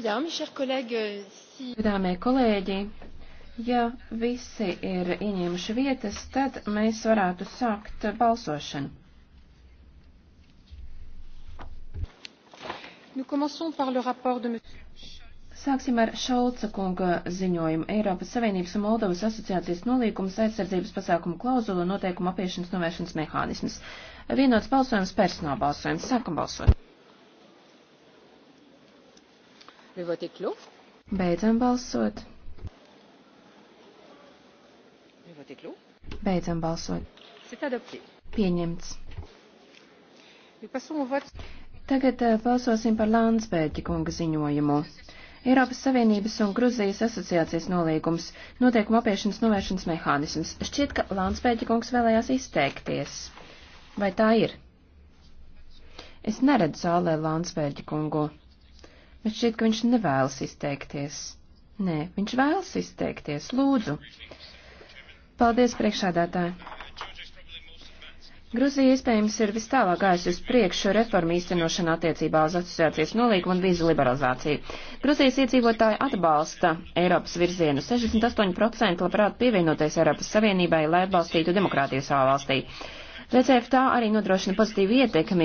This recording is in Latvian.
Gadāmie kolēģi, ja visi ir ieņēmuši vietas, tad mēs varētu sākt balsošanu. Sāksim ar Šolca kunga ziņojumu. Eiropas Savienības un Moldovas asociācijas nolīkums aizsardzības pasākumu klauzulu un noteikumu apiešanas novēršanas mehānismus. Vienots balsojums, personāla balsojums. Sākam balsot. Le vote est clos. Beidzam balsot. Le vote est clos. Beidzam balsot. C'est adopté. Pieņemts. Le passons au vote. Tagad eh, balsosim par Lānsbērķa kunga ziņojumu. Eiropas Savienības un Gruzijas asociācijas nolīgums, noteikuma apiešanas novēršanas mehānisms. Šķiet, ka Lānsbērķa kungs vēlējās izteikties. Vai tā ir? Es neredzu zālē Lānsbērķa kungu bet šķiet, ka viņš nevēlas izteikties. Nē, viņš vēlas izteikties. Lūdzu. Paldies, priekšādātāji. Gruzija iespējams ir vistālāk gājusi uz priekšu reformu īstenošana attiecībā uz asociācijas nolīgumu un vīzu liberalizāciju. Gruzijas iedzīvotāji atbalsta Eiropas virzienu. 68% labprāt pievienoties Eiropas Savienībai, lai atbalstītu demokrātiju savā valstī. VCF tā arī nodrošina pozitīvu ietekmi